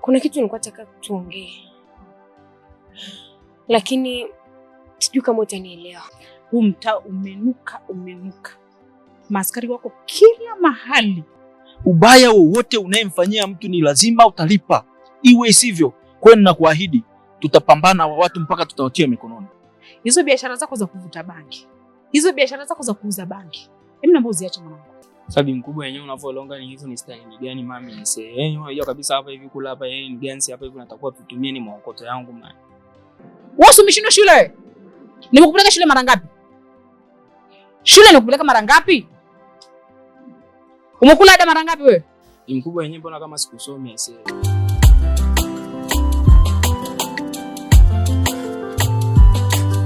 kuna kitu nilikuwa nataka tuongee, lakini sijui kama utanielewa. Huu mtaa umenuka, umenuka, maaskari wako kila mahali. Ubaya wowote unayemfanyia mtu ni lazima utalipa, iwe isivyo. Kwenu na kuahidi, tutapambana wa watu mpaka tutawatia mikononi. Hizo biashara zako za kuvuta bangi, hizo biashara zako za kuuza bangi, hebu naomba uziache mwanangu sabi mkubwa yenyewe unavyolonga ni hizo ni style gani mami nise. Eh, unajua kabisa hapa hivi kula hapa yeye ni gani hapa hivi natakuwa tutumie ni mwokoto yangu mami. Wewe umeshindwa shule? Nimekupeleka shule mara ngapi? Shule nimekupeleka mara ngapi? Umekula ada mara ngapi wewe? Mkubwa yenyewe mbona kama sikusomi ase.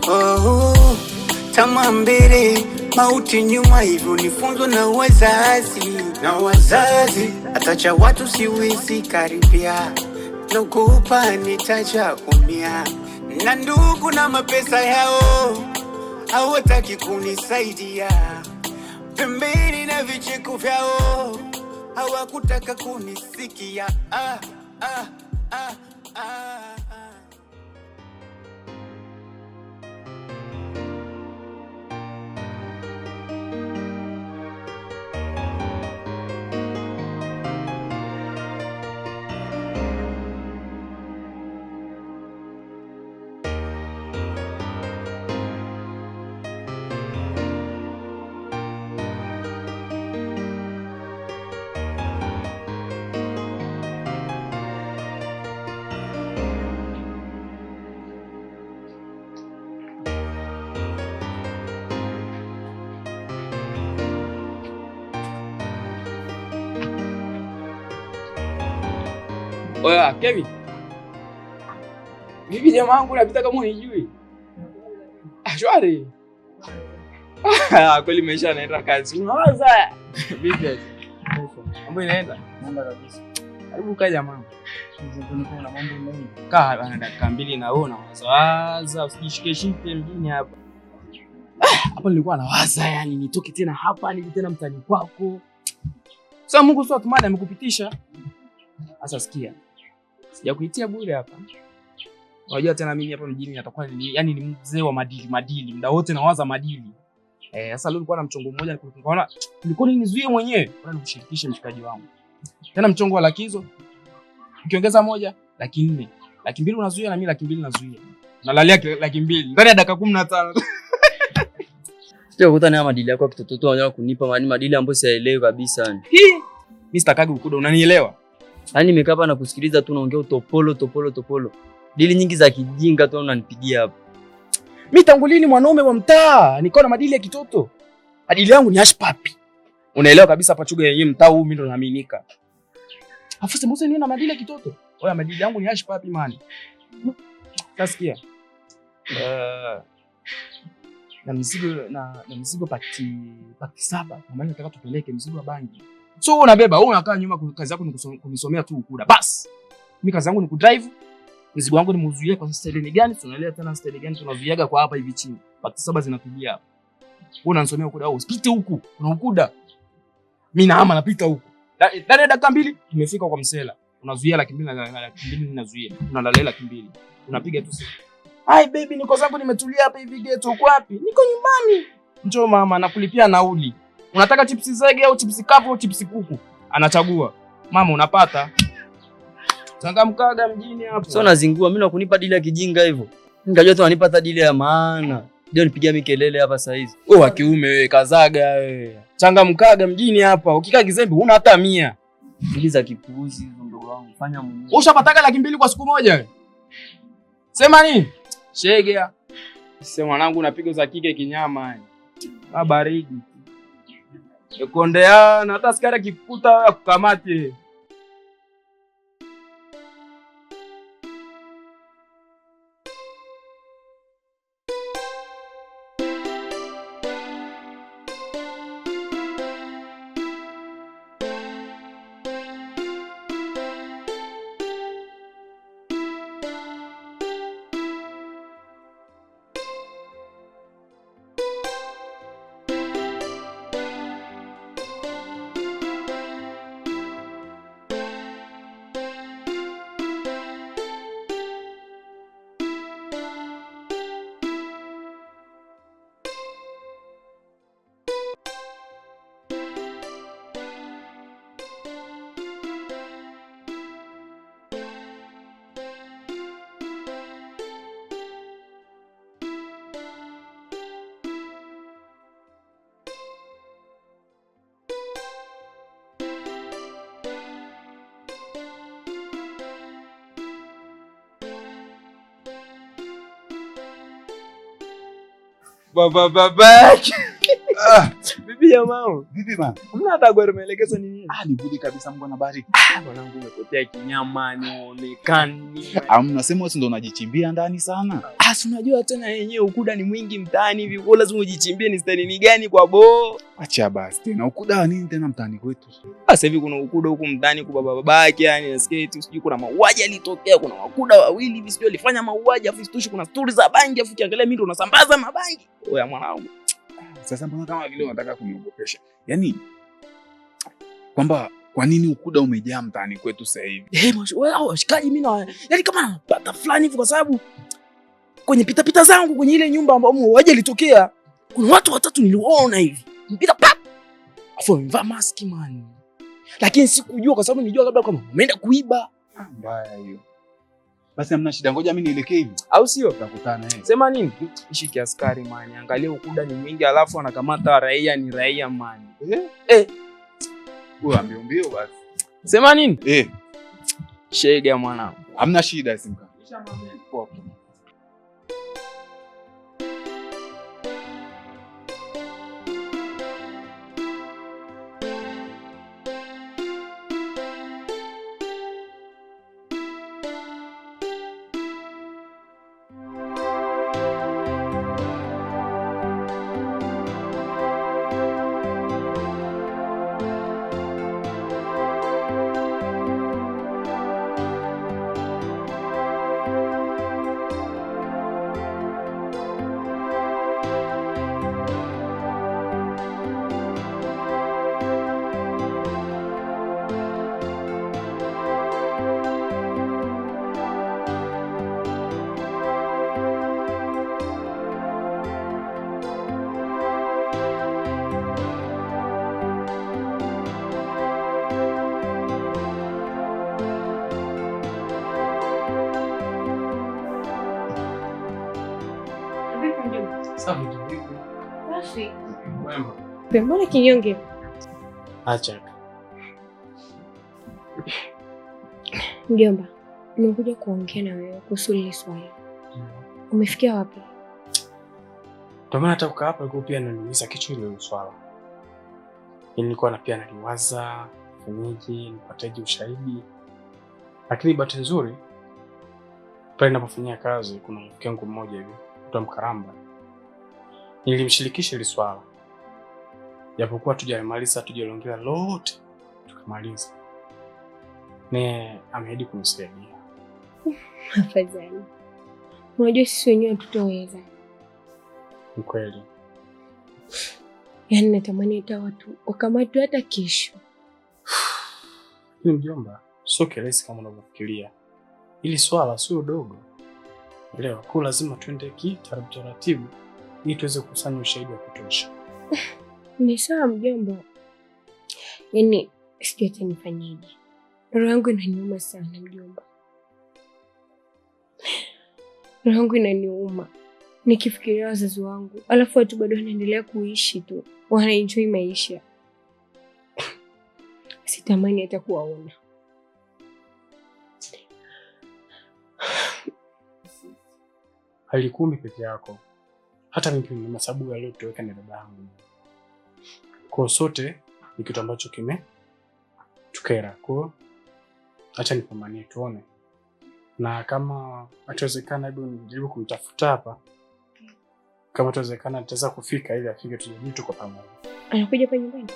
Oh, oh, tamaa mbili mauti nyuma, hivyo nifunzwa na wazazi na wazazi, atacha watu siwezi karibia, naogopa nitacha umia, na ndugu na mapesa yao hawataki kunisaidia, pembeni na vicheko vyao hawakutaka kunisikia. ah, ah, ah, ah. ah. Oya, Kevin. Vipi jamaa wangu napita kama unijui? Ashwari. Ah, ah, kweli maisha yanaenda kazi. Unawaza? Vipi? Mambo inaenda? Mambo kabisa. Karibu kaja jamaa. Kaa bana dakika mbili na wewe unawaza, usijishike mjini hapa. Hapa nilikuwa nawaza yani nitoke tena hapa nije tena mtani kwako. Sasa Mungu sio atumani amekupitisha. Sasa sikia sijakuitia bure hapa. Unajua tena mimi hapa mjini natakuwa ni yani ni mzee wa madili madili, muda wote nawaza madili. Eh, sasa leo nilikuwa na mchongo mmoja nikaona nilikuwa nizuie mwenyewe, bora nikushirikishe mshikaji wangu. Tena mchongo wa laki hizo ukiongeza moja laki nne, laki mbili unazuia na mimi laki mbili nazuia. Nalalia laki mbili ndani ya dakika 15. na tano. Sio kutana madili yako kitoto tu unajua kunipa yaani madili ambayo siyaelewi kabisa. Mimi sitakagi ukuda, unanielewa? Yaani nimekaa hapa na kusikiliza tu unaongea utopolo topolo topolo. Dili nyingi za kijinga tu unanipigia hapa. Mimi tangu lini mwanaume wa mtaa? Niko na madili ya kitoto. Adili yangu ni ash papi. Unaelewa kabisa Pachuga, yenyewe mtaa huu mimi ndo naaminika. Afu sema usinione na madili ya kitoto. Oya madili yangu ni ash papi man. Kasikia? Uh, eh, na mzigo na, na mzigo pati pakti saba. Mama nataka tupeleke mzigo wa bangi. So wewe unabeba, wewe unakaa nyuma, kazi yako ni kunisomea tu ukuda. Basi. Mimi kazi yangu ni kudrive. Mzigo wangu nimeuzuia kwa style ni gani? Tunaelewa tena style gani tunaviaga kwa hapa hivi chini. Pakiti saba zinakuja hapa. Wewe unanisomea ukuda au Usipite huku. Kuna ukuda. Mimi na naama napita huku. Ndani ya dakika mbili tumefika kwa msela. Unazuia laki mbili na laki mbili ninazuia. Unalalela laki mbili. Unapiga tu simu. Hai baby, niko zangu nimetulia hapa hivi ghetto. Uko wapi? Niko nyumbani. Njoo mama, nakulipia nauli. Unataka chipsi zege au chipsi kapu au chipsi kuku? Anachagua. Mama unapata. Changamkaga mjini hapo. Sio nazingua mimi na kunipa dili ya kijinga hivyo. Ningajua tu wanipata dili ya maana. Ndio nipigia mimi kelele hapa saa hizi. Wewe wa kiume wewe kazaga wewe. Changamkaga mjini hapa. Ukikaa kizembe una hata 100. Dili za kipuuzi hizo ndogo wangu. Fanya Mungu. Ushapataka laki mbili kwa siku moja? Sema nini? Shegea. Sema mwanangu unapiga za kike kinyama. Ah, baridi ekondeana hata askari akikukuta akukamate Baba babake. Ah, bibi ya Bibi mama. Mna hata gari maelekezo ni Ah, Nikuje kabisa, Mungu anabariki. Ah, mwanangu umepotea kinyama, uonekani. Amna ah, sema wewe ndio unajichimbia ndani sana. Ah, si unajua tena yenyewe ukuda ni mwingi mtaani hivi. Kwa lazima ujichimbie ni stani gani kwa bo? Acha basi tena ukuda wa nini tena mtaani kwetu? Sasa hivi kuna ukuda huku mtaani kwa baba babake, yani nasikia tu sijui kuna mauaji yalitokea, kuna wakuda wawili hivi sijui walifanya mauaji, afu isitoshi kuna stori za bangi, afu kiangalia mimi ndo nasambaza mabangi. Oya mwanangu. Sasa mbona kama vile unataka kuniogopesha? yani kwamba kwa nini ukuda umejaa mtaani kwetu sasa hivi? Eh, washikaji mimi na yaani kama napata fulani hivi, kwa sababu kwenye pitapita pita zangu kwenye ile nyumba ambayo mwaje litokea, kuna watu watatu niliwaona hivi mpita pap, afu wamevaa maski man, lakini sikujua kwa sababu nilijua labda kama umeenda kuiba. Ah, mbaya hiyo. Basi hamna shida, ngoja mimi nielekee hivi, au sio? Tutakutana. Eh, sema nini? Ishi kiaskari man, angalia ukuda ni mwingi, alafu anakamata raia ni raia man. Eh, eh Ambie mbio basi. Sema nini? Eh. Shega mwanangu. Hamna shida simka. Poa. Mbona kinyonge? Acha. Mjomba, nimekuja kuongea na wewe kuhusu lile swali. Mm. Umefikia wapi? Ndio maana hata ukaa hapa pia naniuliza kitu ile swala. Yaani nilikuwa na pia naliwaza fanyeje, nipataje ushahidi, lakini bahati nzuri pale ninapofanyia kazi kuna mke wangu mmoja hivi mtu mkaramba Nilimshirikisha hili swala, japokuwa tujamaliza, tujaliongea lote tukamaliza, naye ameahidi kunisaidia. Afadhali, unajua sisi wenyewe hatutoweza. Ni kweli, yaani natamani hata watu wakamatwe hata kesho. Lakini mjomba, sio kirahisi kama unavyofikiria. Hili swala sio dogo, leo kuu, lazima tuende kitaratibu taratibu ili tuweze kukusanya ushahidi wa kutosha. Ni sawa mjomba, yaani sijui hata nifanyeje. Roho yangu inaniuma sana mjomba, roho yangu inaniuma nikifikiria wazazi wangu, alafu watu bado wanaendelea kuishi tu, wanaenjoi maisha. Sitamani hata kuwaona. Halikumi peke yako hata mimi masababu yaliyotoweka ni baba yangu. Kwa sote ni kitu ambacho kime tukera. Kwa acha nipambanie tuone, na kama atawezekana, hebu nijaribu kumtafuta hapa. Kama atawezekana, ataweza kufika ili afike, tujadili tuko pamoja. Anakuja kwa nyumbani.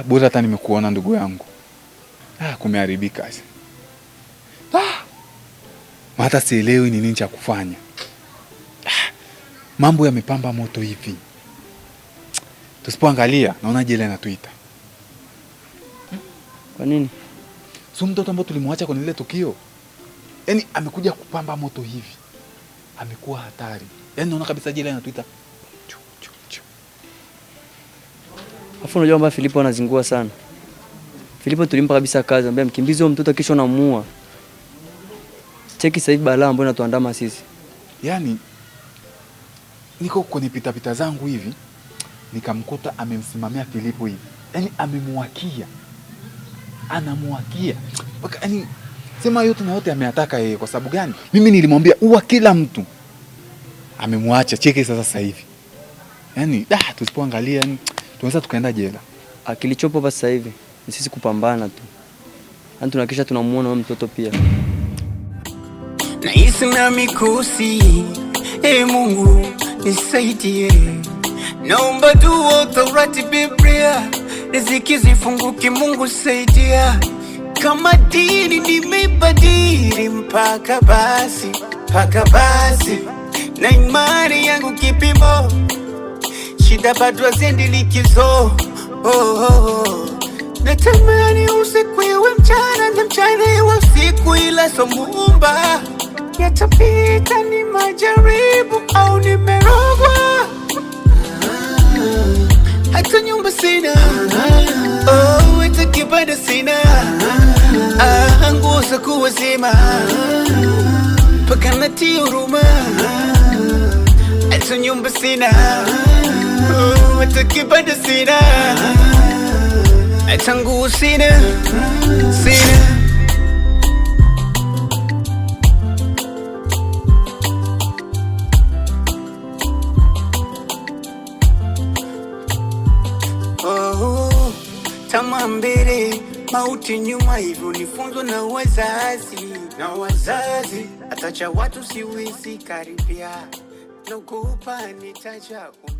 ah, bora hata nimekuona ndugu yangu. Ah, kumeharibika sasa. Ah, hata sielewi ni nini cha kufanya. Ah, mambo yamepamba moto hivi, tusipoangalia naona jela inatuita. Hmm? Kwa nini? Si mtoto ambao tulimwacha kwenye ile tukio, yaani amekuja kupamba moto hivi, amekuwa hatari, yaani naona kabisa jela inatuita. Alafu unajua kwamba Filipo anazingua sana. Filipo tulimpa kabisa kazi, ambaye mkimbizi huyo mtoto kesho namuua. Cheki sasa hivi balaa ambayo inatuandama sisi. Yaani niko kwenye pita pita zangu hivi nikamkuta amemsimamia Filipo hivi. Yaani amemwakia. Anamwakia. yaani sema yote na yote ameataka yeye kwa sababu gani? Mimi nilimwambia uwa kila mtu. Amemwacha cheki sasa sasa hivi. Yaani, da tusipoangalia yaani, tunaweza tukaenda jela. Kilichopo basi sasa hivi ni sisi kupambana tu, yaani tunahakikisha tunamuona huyo mtoto pia. Nahisi na mikosi, e Mungu nisaidie, naomba tu authority Biblia, riziki zifunguke, Mungu saidia. Kama dini nimebadili, mpaka basi, mpaka basi, na imani yangu kipimo shida bado haziendi likizo. Oh, oh, oh. Natamani usiku iwe mchana na mchana iwe usiku, ila sombumba yatapita, ni majaribu au nimerogwa, hata nyumba sina, oh, hata kibanda sina, ah, nguo za kuwazima mpaka natia huruma Acha nyumba sina, hata kibanda sina, acha nguo sina, sina oh, Tamaa mbele, mauti nyuma, hivyo nifunzwa na wazazi na wazazi, atacha watu siwezi karibia. No culpa ni tajao。